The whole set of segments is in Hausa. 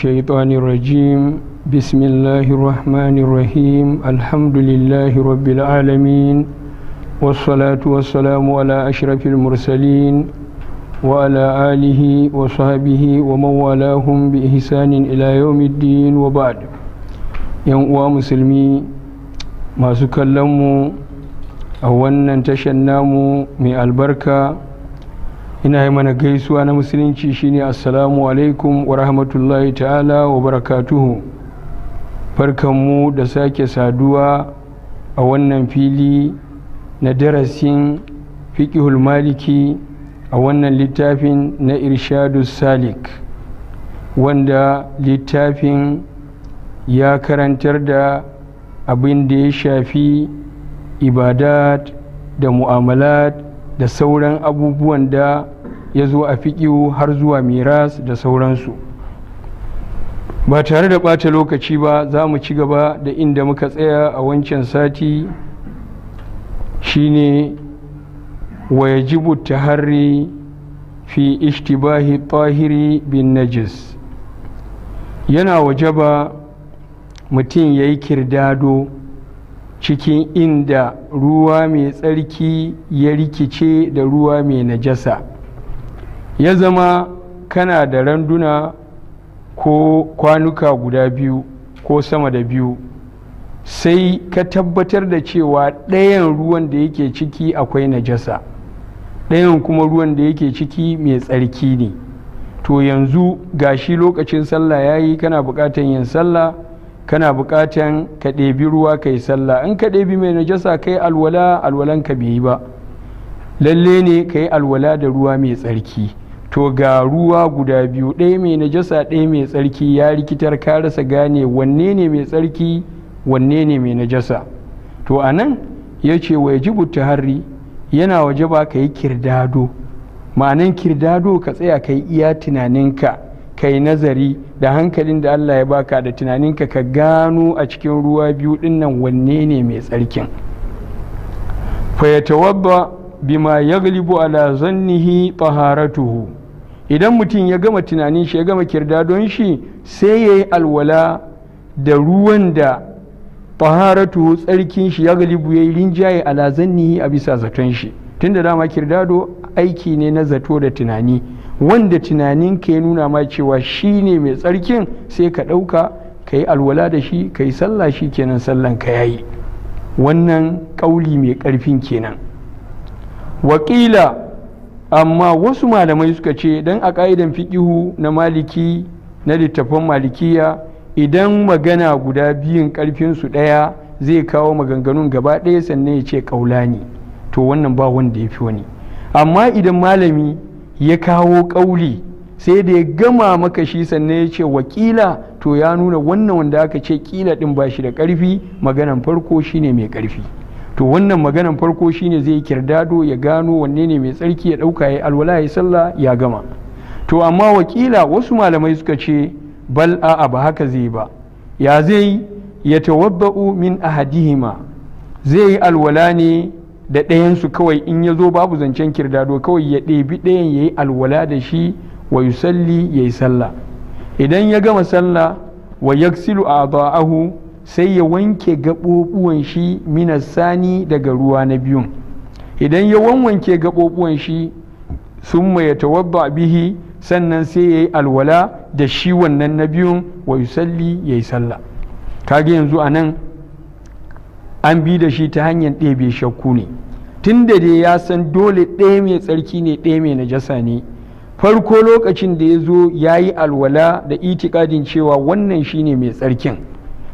الشيطان الرجيم بسم الله الرحمن الرحيم الحمد لله رب العالمين والصلاة والسلام على أشرف المرسلين وعلى آله وصحبه ومن والاهم بإحسان إلى يوم الدين وبعد يوم مسلمي ما سكلموا أولا تشناموا من البركة ina yi mana gaisuwa na musulunci shine assalamu alaikum wa rahmatullahi ta'ala wa barakatuhu barkanmu da sake saduwa a wannan fili na darasin fiƙihul maliki a wannan littafin na irshadu salik wanda littafin ya karantar da abin da ya shafi ibadat da mu'amalat da sauran abubuwan da ya zo a fiƙihu har zuwa miras da sauransu ba tare da ɓata lokaci ba za mu ci gaba da inda muka tsaya a wancan sati shine wayajibu taharri fi ishtibahi tahiri bin najis yana wajaba mutum ya yi kirdado cikin inda ruwa mai tsarki ya rikice da ruwa mai najasa ya zama kana da randuna ko kwanuka guda biyu ko sama da biyu sai ka tabbatar da cewa ɗayan ruwan da yake ciki akwai najasa ɗayan kuma ruwan da yake ciki mai tsarki ne to yanzu gashi lokacin sallah ya yi kana buƙatar yin sallah kana buƙatan ka ɗebi ruwa ka yi sallah in ka ɗebi mai najasa yi alwala alwalan ka yi ba lalle ne ka yi alwala da ruwa mai tsarki to ga ruwa guda biyu ɗaya mai najasa ɗaya mai tsarki ya rikitar ka rasa gane wanne ne mai tsarki wanne ne mai najasa to a nan ya ce wa yajibu harri yana waje ba ka yi kirdado ma'anan kirdado ka tsaya ka yi iya tunaninka kai nazari da hankalin da Allah ya baka da tunaninka ka gano a cikin ruwa biyu dinnan wanne ne mai tsarkin fayatawabba bima galibu ala zannihi taharatuhu idan mutum ya gama tunanin shi ya gama kirda shi sai ya yi alwala da ruwan da taharatu tsarkin shi ya galibu ya yi rinjaye ala zannihi a bisa zaton shi tun da dama kirdado aiki ne na zato da tunani wanda tunanin ka ya nuna ma cewa shi ne mai tsarkin sai ka ɗauka ka yi alwala da shi ka yi sallah shi kenan sallan ka yayi wannan ƙauli mai ƙarfin kenan wakila amma wasu malamai suka ce don a ƙa'idan fiƙihu na maliki na littafan malikiya idan magana guda biyun ƙarfinsu ɗaya zai kawo maganganun gaba ɗaya sannan ya ce ƙaula ne to wannan ba wanda ya fi wani amma idan malami ya kawo ƙauli sai da ya gama maka shi sannan ya ce wakila to ya nuna wannan wanda aka ce kila din ba shi da ƙarfi maganan farko shi ne mai ƙarfi to wannan maganan farko shi ne zai kirdado ya gano wanne ne mai tsarki ya ɗauka ya alwala ya sallah ya gama to amma wakila wasu malamai suka ce bal a'a ba haka zai ba ya zai ya tawabba'u min ahadihima zai yi alwala ne da ɗayansu kawai in ya zo babu zancen kirdado kawai ya ɗebi ɗayan ya yi alwala da shi wa salli ya yi sallah idan ya gama sallah wa silu a ba'ahu sai ya wanke gaɓoɓuwan shi minasani daga ruwa na biyun idan ya wanwanke gaɓoɓuwan shi sun ya tawabba bihi sannan sai ya yi alwala da shi wannan na biyun wa salli ya yi sallah kaga yanzu a nan an bi da shi ta hanyar ɗebe shakku ne tun da dai ya san dole ɗaya mai tsarki ne ɗaya mai najasa ne farko lokacin da ya zo ya yi alwala da itikadin cewa wannan shine mai tsarkin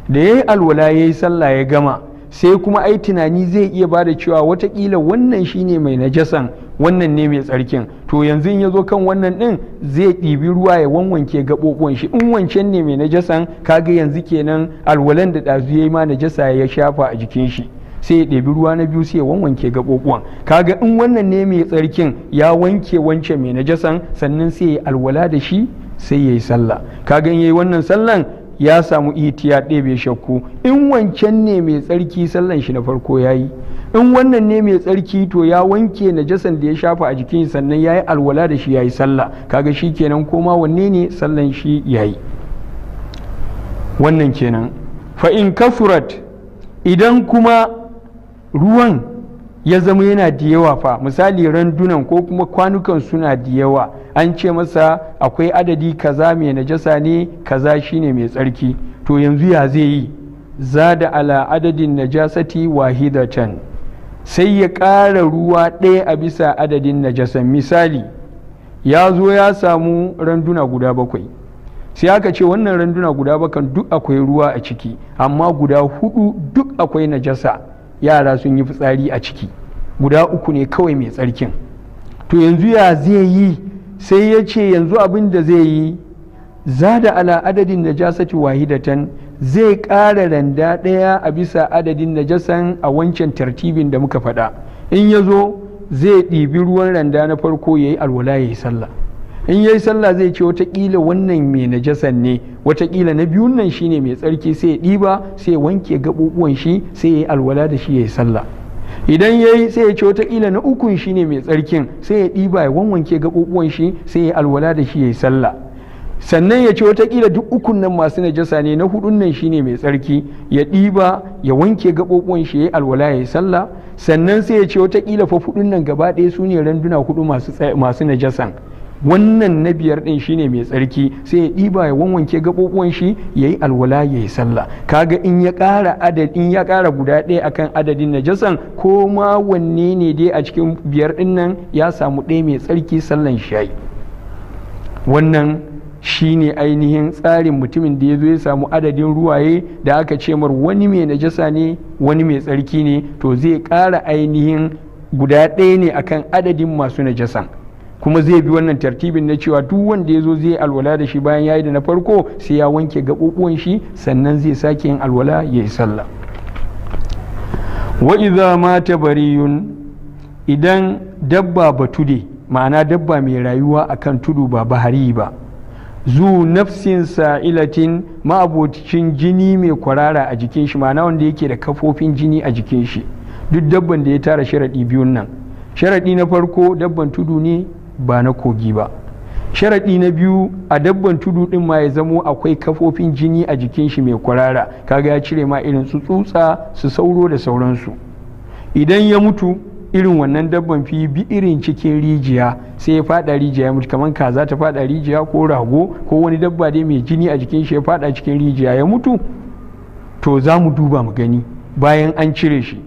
da ya yi alwala ya yi sallah ya gama sai kuma ai tunani zai iya ba da cewa watakila wannan shine mai najasan wannan ne mai tsarkin to yanzu ya zo kan wannan ɗin zai ɗibi ruwa ya wanwanke gaɓoɓon shi in wancan ne mai najasan kaga yanzu kenan alwalan da ɗazu ya yi ma najasa ya shafa a jikin shi sai ya ɗebi ruwa na biyu sai ya wanwanke gaɓoɓuwan kaga in wannan ne mai tsarkin ya wanke wance mai najasan sannan sai ya alwala da shi sai ya yi sallah kaga in ya yi wannan sallan ya samu itiya ɗebe shakku in wancan ne mai tsarki sallan shi na farko ya yi in wannan ne mai tsarki to ya wanke najasan da ya shafa a jikin sannan ya yi alwala da shi ya yi sallah kaga shi kenan koma wanne ne sallan shi ya yi wannan kenan fa in idan kuma ruwan ya zama yana da yawa fa misali randunan ko kuma kwanukan suna da yawa an ce masa akwai adadi kaza mai najasa ne kaza shine mai tsarki to yanzu ya zai yi zada ala adadin najasati wahidatan sai ya ƙara ruwa ɗaya a bisa adadin najasan misali ya zo ya samu randuna guda bakwai sai aka ce wannan randuna guda bakan duk akwai ruwa a ciki amma guda hudu duk akwai najasa yara sun yi fitsari a ciki guda uku ne kawai mai tsarkin to yanzu ya zai yi sai ya ce yanzu abin da zai yi zada ala adadin najasati wahidatan zai ƙara randa ɗaya a bisa adadin na-jasan a wancan tartibin da muka faɗa in ya zo zai ɗibi ruwan randa na farko ya yi alwala ya yi sallah in ya yi sallah zai ce watakila wannan mai najasan ne watakila na biyun nan shine mai tsarki sai ya ɗiba sai ya wanke gaɓuɓuwan shi sai ya yi alwala da shi ya yi sallah idan ya yi sai ya ce watakila na ukun shine mai tsarkin sai ya ɗiba ya wanwanke gaɓuɓuwan shi sai ya yi alwala da shi ya yi sallah sannan ya ce watakila duk ukun nan masu najasa ne na hudun nan shine mai tsarki ya ɗiba ya wanke gaɓoɓuwan shi ya yi alwala ya yi sallah sannan sai ya ce watakila fa hudun nan gaba ɗaya su ne randuna hudu masu najasan wannan na biyar din shine mai tsarki sai ya ɗiba ya wanwanke gabobuwan shi yayi alwala ya yi sallah kaga in ya kara adadin ya kara guda ɗaya akan adadin najasan ko ma wanne ne dai a cikin biyar din nan ya samu ɗaya mai tsarki sallan shayi wannan shine ainihin tsarin mutumin da ya zo ya samu adadin ruwaye da aka ce mar wani mai najasa ne wani mai tsarki ne to zai kara ainihin guda ɗaya ne akan adadin masu najasan kuma zai bi wannan tartibin na cewa duk wanda ya zo zai alwala da shi bayan yayi da na farko sai ya wanke gaɓuɓuwan shi sannan zai sake yin alwala ya yi sallah wa idza mata bariyun idan dabba batude ma'ana dabba mai rayuwa akan tudu ba bahari ba zu nafsin sa'ilatin ma'abocin jini mai kwarara a jikin shi ma'ana wanda yake da kafofin jini a jikin shi duk dabban da ya tara sharaɗi biyun nan sharaɗi na farko dabban tudu ne ba na kogi ba sharaɗi na biyu a dabban tudu ɗin ma ya zamo akwai kafofin jini a jikin shi mai kwarara kaga ya cire ma irin su tsutsa su sauro da sauransu idan ya mutu irin wannan dabban fi bi irin cikin rijiya sai ya fada rijiya ya mutu kamar kaza ta fada rijiya ko rago ko wani dabba dai mai jini a jikin shi ya fada cikin rijiya ya mutu to za mu duba mu gani bayan an cire shi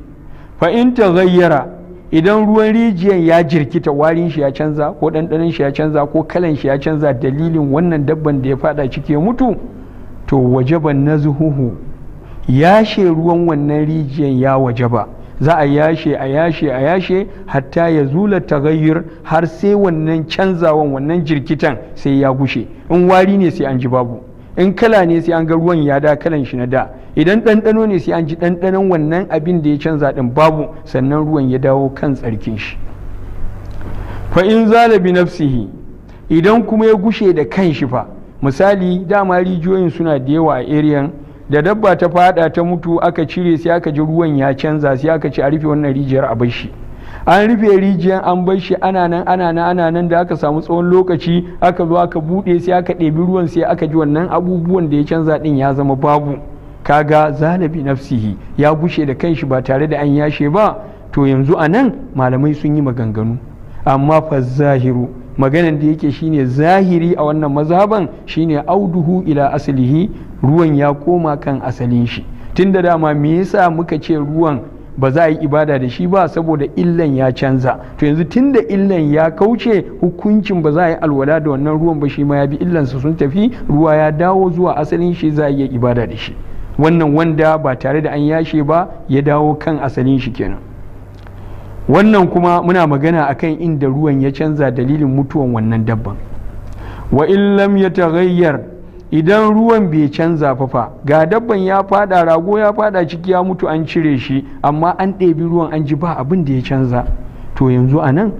fa in ta zayyara idan ruwan rijiyar ya jirkita warin shi ya canza ko ɗanɗanon shi ya canza ko kalan shi ya canza dalilin wannan dabban da ya fada ciki mutu to wajaban na zuhuhu yashe ruwan wannan rijiyar ya waje ba za a yashe a yashe a yashe hatta ya zula gayyar har sai wannan canzawan wannan jirkitan sai ya gushe in wari ne sai an ji babu in kala ne sai an ga ruwan ya da kalan shi na da idan ɗanɗano ne sai an ji ɗanɗanon wannan abin da ya canza ɗin babu sannan ruwan ya dawo kan tsarkin shi fa in zala bi nafsihi idan kuma ya gushe da kan shi fa misali dama rijiyoyin suna da yawa a eriyan da dabba ta fada ta mutu aka cire sai aka ji ruwan ya canza sai aka ci a rufe wannan rijiyar a bar shi an rufe rijiyar an bar shi ana nan ana nan ana nan da aka samu tsawon lokaci aka zo aka bude sai aka ɗebi ruwan sai aka ji wannan abubuwan da ya canza din ya zama babu kaga zalabi nafsihi ya bushe da kanshi ba tare da an yashe ba to yanzu a nan malamai sun yi maganganu amma fa zahiru maganan da yake shine zahiri a wannan mazhaban shine auduhu ila asalihi ruwan ya koma kan asalin shi tunda dama me yasa muka ce ruwan ba za a yi ibada da shi ba saboda illan ya canza to yanzu tunda illan ya kauce hukuncin ba za a yi alwala da wannan ruwan ba shi ma ya bi illansa sun tafi ruwa ya dawo zuwa asalin shi za a iya ibada da shi wannan wanda ba tare da an yashe ba ya dawo kan asalin shi kenan wannan kuma muna magana akan inda ruwan ya canza dalilin mutuwan wannan dabban wa in lam yataghayyar idan ruwan bai canza fafa ga dabban ya fada rago ya fada ciki ya mutu an cire shi amma an ɗebi ruwan an ji ba abin da ya canza to yanzu a nan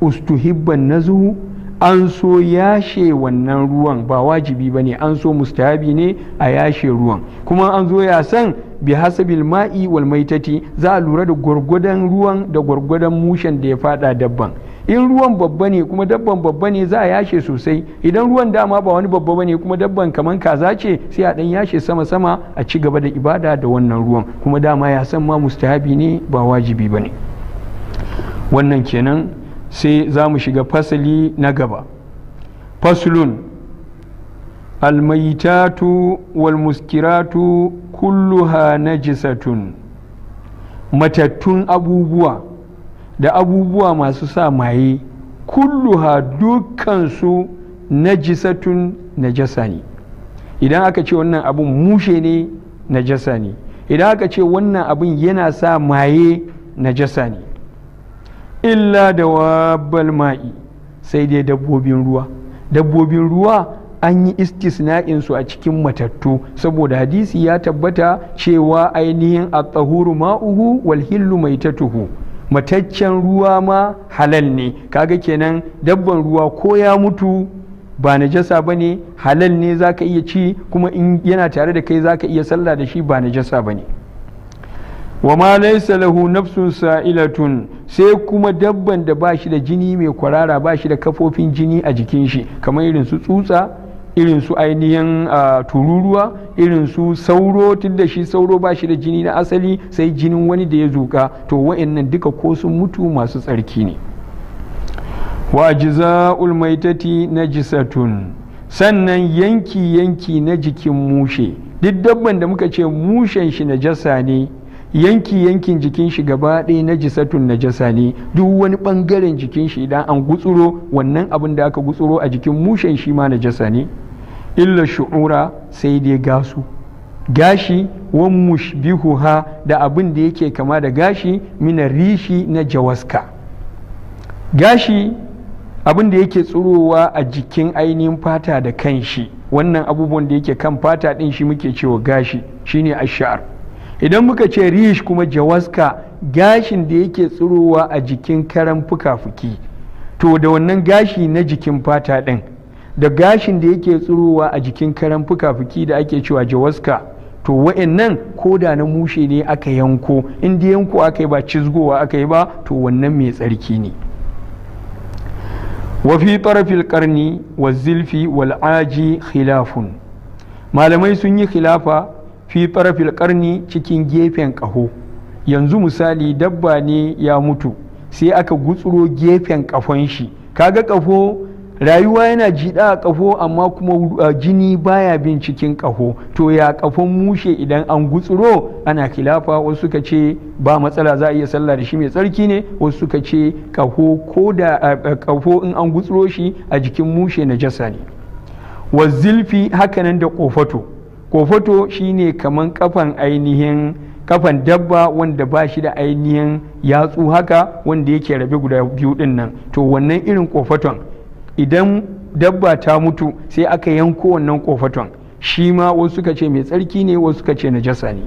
ustuhibban nazuhu an so yashe wannan ruwan ba wajibi ba ne an so mustahabi ne a yashe ruwan kuma an zo ya san bi hasabil ma'i wal maitati za a lura da gwargwadon ruwan da gwargwadon mushen da ya fada dabban in ruwan babba ne kuma dabban babba ne za a yashe sosai idan ruwan dama ba wani babba ba ne kuma dabban kamar kaza ce sai a dan yashe sama sama a ci gaba da ibada da wannan ruwan kuma dama ya san ma mustahabi ne ba wajibi ba ne wannan kenan sai za mu shiga fasali na gaba fasulun almaitatu walmuskiratu kulluha najisatun matattun abubuwa da abubuwa masu sa maye kulluha dukkansu najisatun jasa ne idan aka ce wannan abun mushe ne jasa ne idan aka ce wannan abin yana sa maye jasa ne illa da wabbal ma'i sai dai dabbobin ruwa dabbobin ruwa an yi istisna'in su a cikin matattu saboda hadisi ya tabbata cewa ainihin a tsahuru ma'uhu walhillu mai tatuhu mataccen ruwa ma halal ne kaga kenan dabban ruwa ko ya mutu ba najasa ba ne halal ne za ka iya ci kuma in yana tare da kai za ka iya sallah da shi ba jasa ba ne wa ma laisa lahu nafsun sa'ilatun sai kuma dabban da ba shi da jini mai kwarara ba shi da kafofin jini a jikin shi kamar irin su tsutsa irin su ainihin tururuwa irin su sauro tun da shi sauro ba shi da jini na asali sai jinin wani da ya zuka to wa'annan duka ko sun mutu masu tsarki ne wa jiza'ul maitati najisatun sannan yanki yanki na jikin mushe duk dabban da muka ce mushen shi najasa ne yanki yankin jikin shi gaba ɗaya na jisatun na jasa ne duk wani ɓangaren jikin shi idan an gutsuro wannan abin da aka gutsuro a jikin mushen shi ma na jasa ne illa shu'ura sai dai gasu gashi wan mushbihuha da abin da yake kama da gashi mina rishi na jawaska gashi abin da yake tsurowa a jikin ainihin fata da kanshi wannan abubuwan da yake kan fata din shi muke cewa gashi shine ash'ar idan muka ce rish kuma jawaska gashin da yake tsirowa a jikin karan fuka-fuki to da wannan gashi na jikin fata din da gashin da yake tsirowa a jikin karan fuka-fuki da ake cewa jawaska to wa'annan ko da na mushe ne aka yanko in yanko aka yi ba cizgowa aka yi ba to wannan mai tsarki ne wafi tarafil karni wa zilfi wal aji khilafun malamai sun yi khilafa fi tarafil karni cikin gefen ƙaho yanzu misali dabba ne ya mutu sai aka gutsuro gefen ƙafon shi kaga ƙafo rayuwa yana jiɗa a ƙaho amma kuma uh, jini baya bin cikin ƙaho to ya ƙafon mushe idan an gutsuro ana kilafa wasu suka ce ba matsala za a iya sallah da shi mai tsarki ne wasu suka ce ƙaho ko da uh, uh, ƙaho in an gutsuro shi a jikin mushe na jasa ne wa hakanan da ƙofato ƙofato shine kaman kafan ainihin kafan dabba wanda ba shi da ainihin yatsu haka wanda yake rabe guda biyu din nan to wannan irin ƙofaton idan dabba ta mutu sai aka yanko wannan kofaton shi ma wasu suka ce mai tsarki ne wasu suka ce najasa ne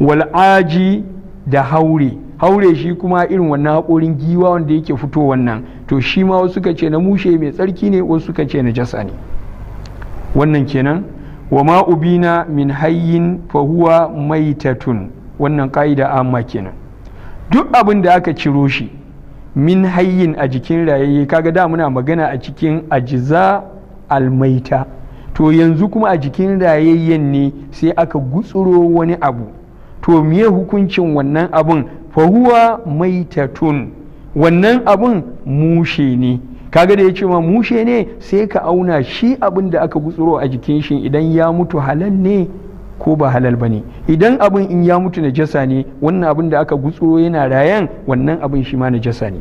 wal'aji da haure haure shi kuma irin wannan haƙorin giwa wanda yake fito wannan to shi ma wasu suka ce na mushe mai tsarki ne wasu suka ce najasa ne wannan kenan wa ma ubina min hayyin fahuwa maitatun wannan ka'ida amma kenan duk abin da aka ciro shi min hayyin a jikin rayayye kaga da muna magana a cikin ajiza almaita to yanzu kuma a jikin rayayyen ne sai aka gutsuro wani abu to miye hukuncin wannan abun fahuwa maitatun wannan abun mushe ne kaga da ya ce ma mushe ne sai ka auna shi abin da aka gutsuro a jikin shi idan ya mutu halal ne ko ba halal ba ne idan abin in ya mutu na jasa ne wannan abin da aka gutsuro yana rayan wannan abin shi ma na jasa ne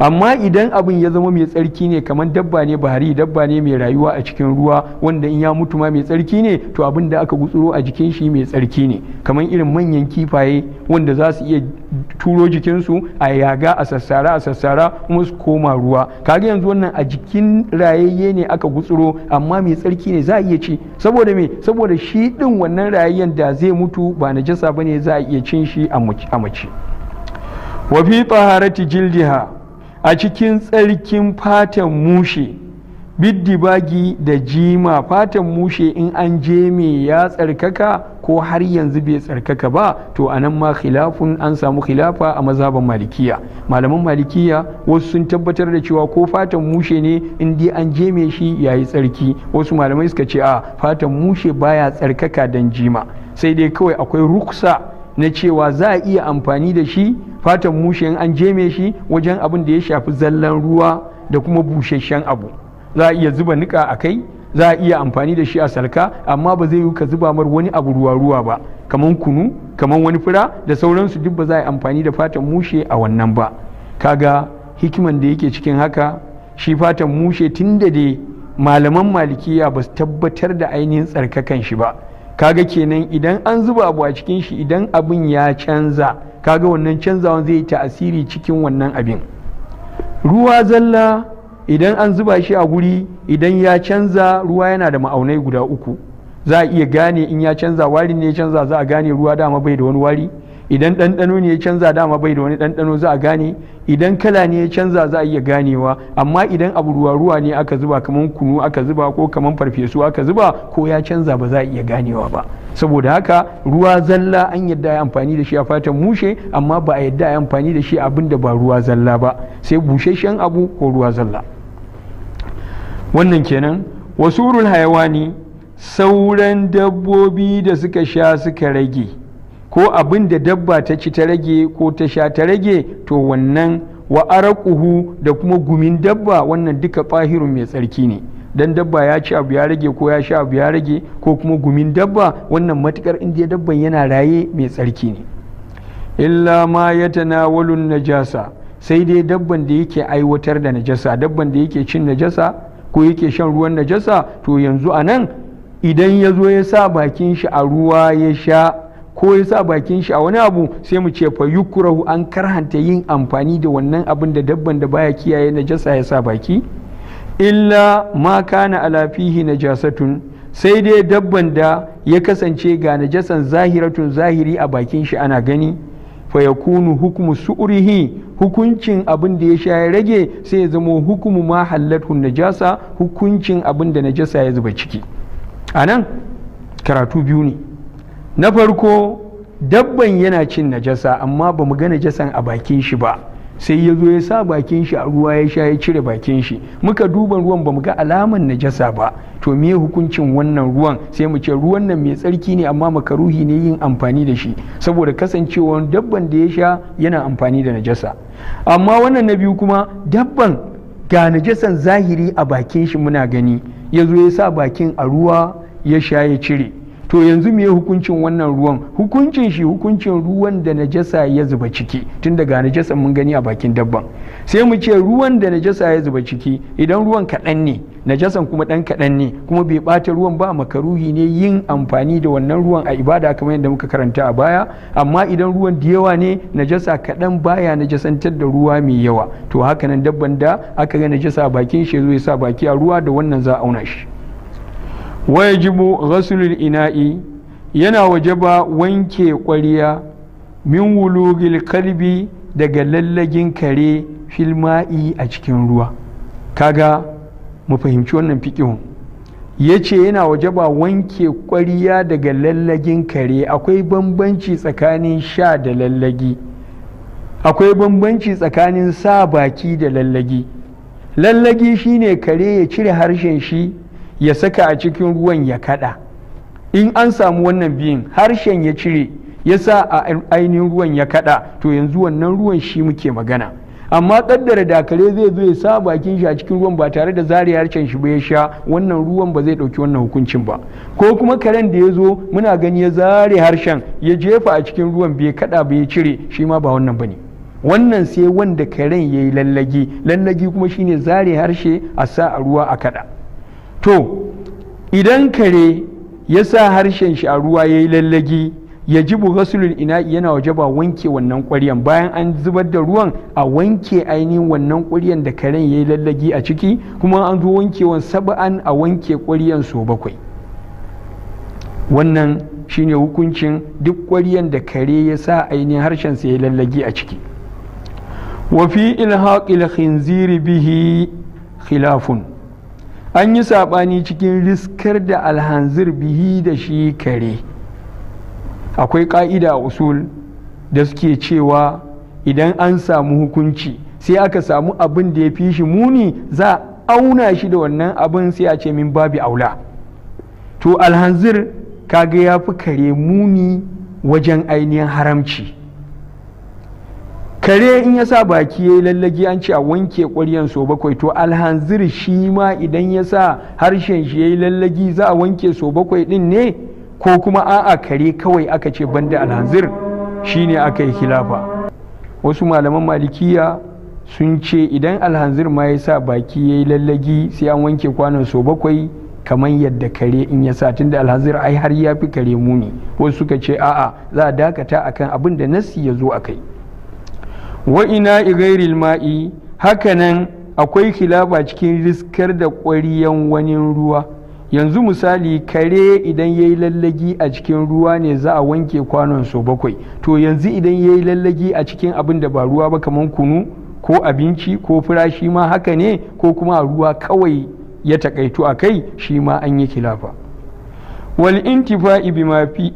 amma idan abin ya zama mai tsarki ne kamar dabba ne bahari dabba ne mai rayuwa a cikin ruwa wanda in ya mutu ma mai tsarki ne to abin da aka gutsuro a jikin shi mai tsarki ne kamar irin manyan kifaye wanda za su iya turo jikinsu a yaga a sassara a sassara kuma su koma ruwa kaga yanzu wannan a jikin rayayye ne aka gutsuro amma mai tsarki ne za a iya ci saboda me saboda shi din wannan rayayyen da zai mutu ba na najasa bane za a iya cin shi a mace wa fi taharati jildiha a cikin tsarkin fatan mushe biddibagi da jima fatan mushe in an je me ya tsarkaka ko har yanzu bai tsarkaka ba to anan ma khilafun an samu khilafa a mazhaban malikiya malaman malikiya wasu sun tabbatar da cewa ko fatan mushe ne in dai an je me shi yayi tsarki wasu malamai suka ce a fatan mushe baya tsarkaka dan jima sai dai kawai akwai ruksa na cewa za a iya amfani da shi fatan mushe an jeme shi wajen abin da ya shafi zallan ruwa da kuma busasshen abu za a iya zuba nika a kai za a iya amfani da shi a salka amma ba zai yi ka zuba mar wani abu ruwa ruwa ba kaman kunu kamar wani fura da sauransu duk ba za a yi amfani da fatan mushe a wannan ba kaga hikiman da yake cikin haka shi fatan mushe tun da dai malaman malikiya ba su tabbatar da ainihin tsarkakan shi ba kaga kenan idan an zuba abu a cikin shi idan abin ya canza kaga wannan canzawan zai yi ta'asiri cikin wannan abin ruwa zalla idan an zuba shi a guri idan ya canza ruwa yana da ma'aunai guda uku za a iya gane in ya canza wari ne ya canza za a gane ruwa dama bai da wani wari idan ɗanɗano ne ya canza dama bai da wani ɗanɗano za a gane idan kala ne ya canza za a iya ganewa amma idan abu ruwa ruwa ne aka zuba kamar kunu aka zuba ko kamar farfesu aka zuba ko ya canza ba za a iya ganewa ba saboda haka ruwa zalla an yadda ya amfani da shi a fatan mushe amma ba a yadda ya amfani da shi abin da ba ruwa zalla ba sai busasshen abu ko ruwa zalla wannan kenan wasurul hayawani sauran dabbobi da suka sha suka rage ko abin da dabba ta ci ta rage ko ta sha ta rage to wannan wa araquhu da kuma gumin dabba wannan duka fahirun mai tsarki ne dan dabba ya ci abu ya rage ko ya sha abu ya rage ko kuma gumin dabba wannan matukar indiya dabban yana raye mai tsarki ne illa ma ya tanawalun najasa sai dai dabban da yake aiwatar da najasa dabban da yake cin najasa ko yake shan ruwan najasa to yanzu a nan idan ya zo ya sa bakin shi a ruwa ya sha ko ya sa bakin shi a wani abu sai mu ce fa yukurahu an karhanta yin amfani da wannan abin da dabban da baya kiyaye najasa ya sa baki illa ma kana ala fihi najasatun sai dai dabban da ya kasance ga najasan zahiratun zahiri a bakin shi ana gani fa yakunu hukmu su'rihi hukuncin abin da ya sha ya rage sai ya zama hukumu ma halatu najasa hukuncin abin da najasa ya zuba ciki anan karatu biyu ne na farko dabban yana cin najasa amma ba mu ga najasan a bakin shi ba sai ya zo ya sa bakin shi a ruwa ya sha ya cire bakin shi muka duba ruwan ba mu ga alaman najasa ba to me hukuncin wannan ruwan sai mu ce ruwan nan mai tsarki ne amma makaruhi ne yin amfani da shi saboda kasancewa dabban da ya sha yana amfani da najasa amma wannan na biyu kuma dabban ga najasan zahiri a bakin shi muna gani ya zo ya sa bakin a ruwa ya sha ya cire to yanzu me hukuncin wannan ruwan hukuncin shi hukuncin ruwan da najasa ya zuba ciki tun daga najasa mun gani a bakin dabban sai mu ce ruwan da najasa ya zuba ciki idan ruwan kaɗan ne najasan kuma ɗan kaɗan ne kuma bai ɓata ruwan ba makaruhi ne yin amfani da wannan ruwan a ibada kamar yadda muka karanta a baya amma idan ruwan da yawa ne najasa kaɗan baya najasantar da ruwa mai yawa to hakanan dabban da aka ga najasa bakin shi zai sa baki a ruwa da wannan za a auna shi wajibu ghasulul ina'i yana wajaba wanke ƙwariya min wulugil kalbi daga lallagin kare filma'i a cikin ruwa kaga mu fahimci wannan fikihun ya ce yana wajaba wanke ƙwariya daga lallagin kare akwai bambanci tsakanin sha da lallagi akwai bambanci tsakanin sa baki da lallagi lallagi shine kare ya cire harshen shi ya saka a cikin ruwan ya kada in an samu wannan biyun harshen ya cire ya sa a ainihin ruwan ya kada to yanzu wannan ruwan shi muke magana amma kaddara dakare zai zo ya sa bakin shi a cikin ruwan ba tare da zare harshen shi ba ya sha wannan ruwan ba zai dauki wannan hukuncin ba ko kuma karen da ya zo muna gani ya zare harshen ya jefa a cikin ruwan bai kada ba ya cire shi ma ba wannan bane wannan sai wanda karen yayi lallagi lallagi kuma shine zare harshe a sa a ruwa a kada to idan kare ya sa harshen shi a ruwa ya yi lallagi ya ji ghasulul ina yana waje ba wanke wannan ƙwaryan bayan an zubar da ruwan a wanke ainihin wannan ƙwaryan da karen ya yi lallagi a ciki kuma an zo wankewan saba'an a wanke ƙwaryan so bakwai wannan shine hukuncin duk ƙwaryan da kare ya sa ainihin harshen sa ya yi lallagi a ciki wa fi ilhaqil khinziri bihi khilafun an yi saɓani cikin riskar da alhanzir bihi da shi kare akwai ƙa'ida a usul da suke cewa idan an samu hukunci sai aka samu abin da ya fi shi muni za a auna shi da wannan abin sai a ce min babi aula to alhanzir kaga ya fi kare muni wajen ainihin haramci kare in ya sa baki ya yi lallagi an ce a wanke ƙwaryan so bakwai to alhanzir shi ma idan ya sa harshen shi ya yi lallagi za a wanke so bakwai ɗin ne ko kuma a'a kare kawai aka ce banda alhanzir shi ne aka yi khilafa wasu malaman malikiya sun ce idan alhanzir ma ya sa baki ya yi lallagi sai an wanke kwanan so bakwai kamar yadda kare in ya sa tunda alhanzir ai har ya fi kare muni wasu suka ce a'a za a dakata akan abin da nasi ya zo a kai wa ina igairil ma'i hakanan akwai kilaba cikin riskar da ƙwariyan wani ruwa yanzu misali kare idan ya yi lallagi a cikin ruwa ne za a wanke kwanon so bakwai to yanzu idan ya yi lallagi a cikin abin da ba ruwa ba kamar kunu ko abinci ko firashi ma haka ne ko kuma ruwa kawai ya takaitu a kai shi ma an yi kilafa wal intifa'i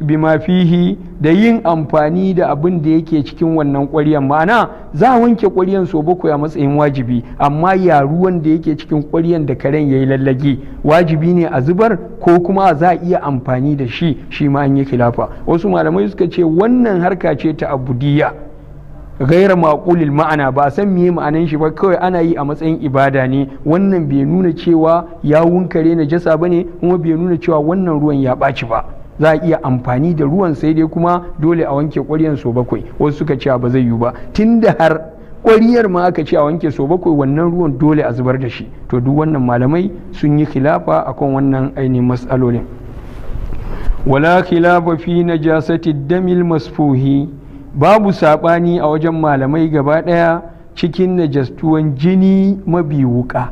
bima fihi da yin amfani da abin da yake cikin wannan ƙwaryan ma'ana za a wanke ƙwaryan so bakwai a matsayin wajibi amma ya ruwan da yake cikin ƙwaryan da karen ya yi lallage wajibi ne a zubar ko kuma za a iya amfani da shi shi ma an yi kilafa wasu malamai suka ce wannan harka ce ta abudiyya gaira maƙulil ma'ana ba san miye ma'anan shi ba kawai ana yi a matsayin ibada ne wannan bai nuna cewa ya wunkare na jasa ba ne kuma bai nuna cewa wannan ruwan ya ɓaci ba za a iya amfani da ruwan sai dai kuma dole a wanke ƙwaryan so bakwai wasu suka cewa ba zai yiwu ba tun da har ƙwariyar ma aka ce a wanke so bakwai wannan ruwan dole a zubar da shi to duk wannan malamai sun yi khilafa akan wannan ainihin matsalolin wala khilafa fi najasati damil masfuhi babu saɓani a wajen malamai gaba ɗaya cikin najastuwan jini mabi wuka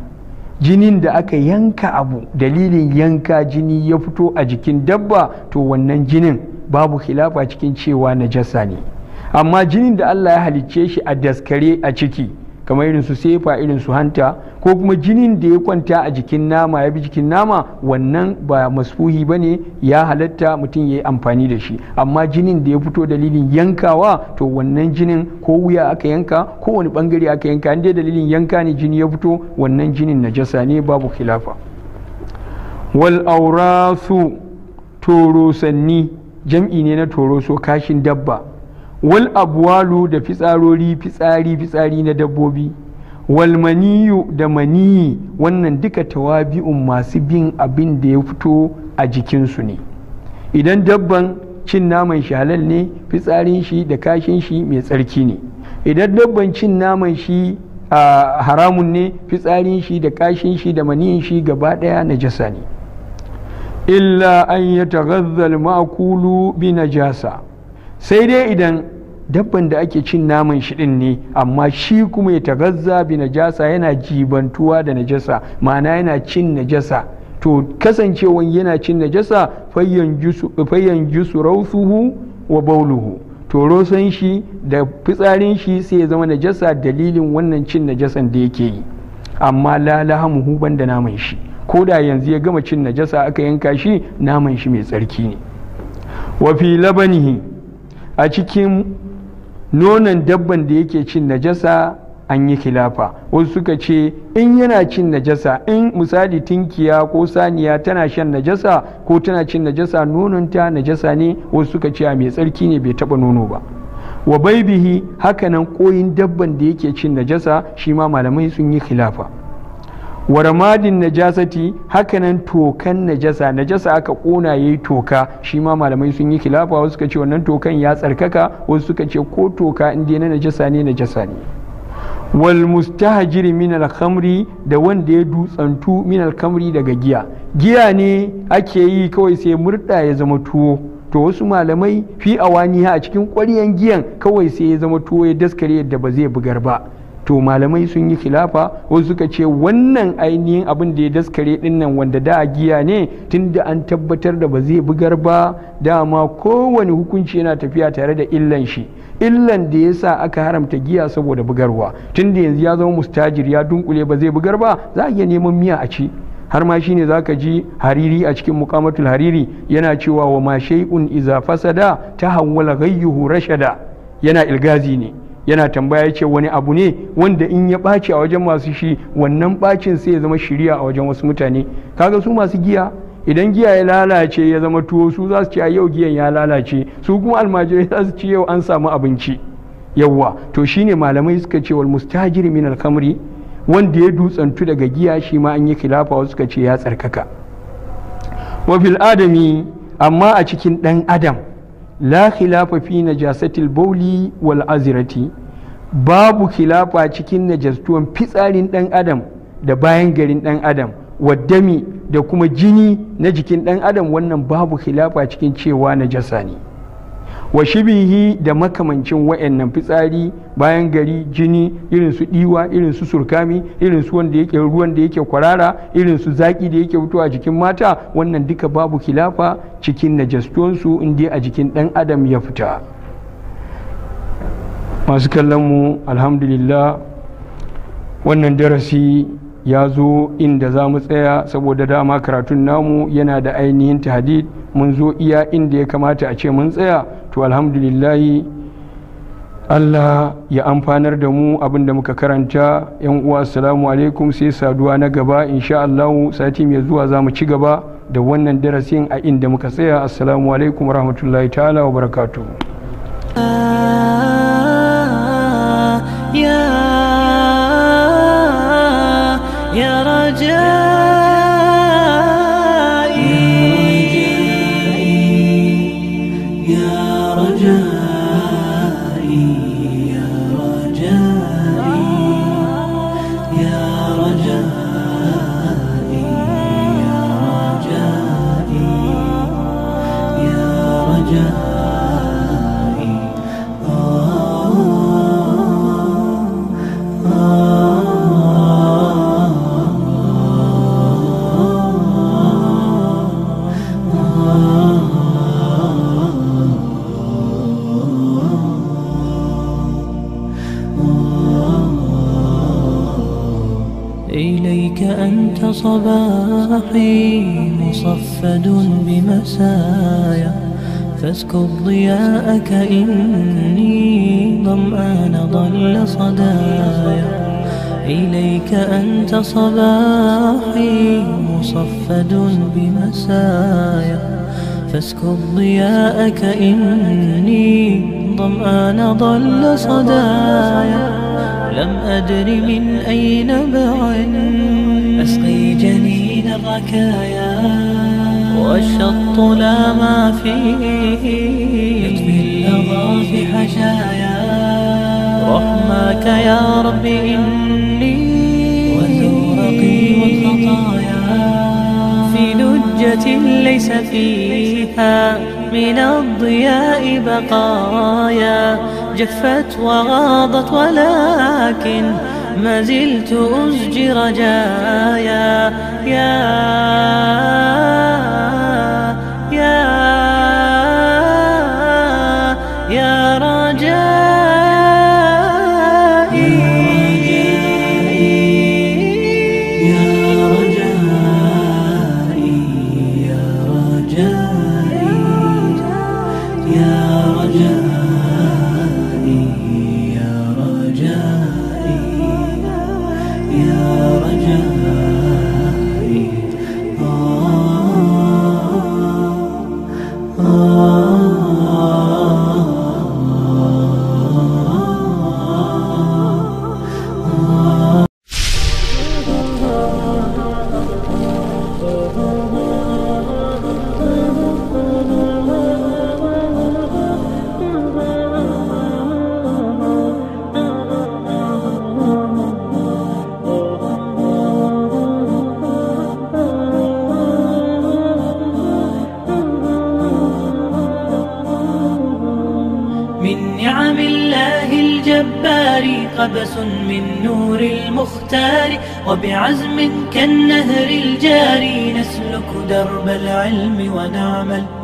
jinin da aka yanka abu dalilin yanka jini ya fito a jikin dabba to wannan jinin babu khilafa cikin cewa najasa ne amma jinin da Allah ya halicce shi a daskare a ciki kamar irin su sefa irin su hanta ko kuma jinin da ya kwanta a jikin nama ya bi jikin nama wannan ba masfuhi ba ne ya halatta mutum ya yi amfani da shi amma jinin da ya fito dalilin yankawa to wannan jinin ko wuya aka yanka ko wani bangare aka yanka in dai dalilin yanka ne jini ya fito wannan jinin najasa ne babu khilafa wal aurasu torosanni jam'i ne na toroso kashin dabba wal abwalu da fitsarori fitsari fitsari na dabbobi wal maniyu da maniyi wannan duka tawabi'un masu bin abin da ya fito a jikinsu ne idan dabban cin naman shi halal ne fitsarin shi da kashin shi mai tsarki ne idan dabban cin naman shi haramun ne fitsarin shi da kashin shi da maniyin shi gaba daya jasa ne illa an ya tagazzal ma'akulu bi najasa sai dai idan dabban da ake cin naman shi din ne amma shi kuma ya tagazza bi najasa yana jibantuwa da najasa ma'ana yana cin najasa to kasancewan yana cin najasa fayyan jusu rausuhu wa bauluhu to rosan shi da fitsarin shi sai ya zama najasa dalilin wannan cin najasan da yake yi amma la huban da naman shi ko da yanzu ya gama cin najasa aka yanka shi naman shi mai tsarki ne wa fi labanihi a cikin nonon dabban da yake cin najasa an yi kilafa wasu suka ce in yana cin najasa in misali tinkiya ko saniya tana shan najasa ko tana cin najasa nononta najasa ne wasu suka ce a mai tsarki ne bai taba nono ba wa baibihi hakanan koyin dabban da yake cin najasa shi ma malamai sun yi kilafa. waramadin najasati hakanan tokan najasa najasa aka kona yayi toka shi ma malamai sun yi kilafa wasu suka ce wannan tokan ya tsarkaka wasu suka ce ko toka inda na najasa ne najasa ne wal mustahjir min al khamri da wanda ya dutsantu min al khamri daga giya giya ne ake yi kawai sai murda ya zama tuwo to wasu malamai fi ha a cikin ƙwaryan giyan kawai sai ya zama tuwo ya daskare yadda ba zai bugar ba to malamai sun yi khilafa wasu suka ce wannan ainihin abin da ya daskare dinnan wanda da giya ne tunda an tabbatar da ba zai bugar ba dama kowane hukunci yana tafiya tare da illan shi illan da ya sa aka haramta giya saboda bugarwa tunda yanzu ya zama mustajir ya dunkule ba zai bugar ba za a iya neman miya a ci har ma shine za ka ji hariri a cikin muqamatul hariri yana cewa wa ma shay'un iza fasada tahawwala ghayyuhu rashada yana ilgazi ne yana tambaya ya ce wani abu ne wanda in ya ɓaci a wajen masu shi wannan ɓacin sai ya zama shirya a wajen wasu mutane kaga su masu giya idan giya ya lalace ya zama tuwo su za su ce a yau giyan ya lalace su kuma almajirai za su ce yau an samu abinci yawwa to shine malamai suka ce wal mustajiri min alkamri wanda ya dutsantu daga giya shi ma an yi khilafa wasu suka ce ya tsarkaka wa fil adami amma a cikin dan adam la khilafa fi najasatil bauli wal azirati babu khilafa cikin najastuwan fitsarin dan adam da bayan garin dan adam waddami da kuma jini na jikin dan adam wannan babu khilafa cikin cewa najasa ne wa shibihi da makamancin wa'annan fitsari bayan gari jini irin su diwa irin su surkami irin su wanda yake ruwan da yake kwarara irin su zaki da yake fitowa a jikin mata wannan duka babu kilafa cikin najastonsu in dai a jikin dan adam ya fita masu kallon mu alhamdulillah wannan darasi ya zo inda za mu tsaya saboda dama karatun namu yana da ainihin hadid mun zo iya inda ya kamata a ce mun tsaya to alhamdulillahi Allah ya amfanar da mu abin da muka karanta yan uwa assalamu alaikum sai saduwa na gaba insha Allah sati mai zuwa za mu ci gaba da wannan darasin a inda muka tsaya assalamu alaikum rahmatullahi ta'ala wa barakatuhu رجائي يا رجائي يا رجائي يا رجائي يا رجائي يا رجائي أنسايا فاسكب ضياءك إني ظمآن ضل صدايا إليك أنت صباحي مصفد بمسايا فاسكب ضياءك إني ظمآن ضل صدايا لم أدر من أين بعد أسقي جنين الركايا والشط لا ما فيه يكفي الأضاء في حشايا رحمك يا ربي إني وزورقي والخطايا في لجة ليس فيها من الضياء بقايا جفت وغاضت ولكن ما زلت أزجي رجايا يا يا يا رجايا درب العلم ونعمل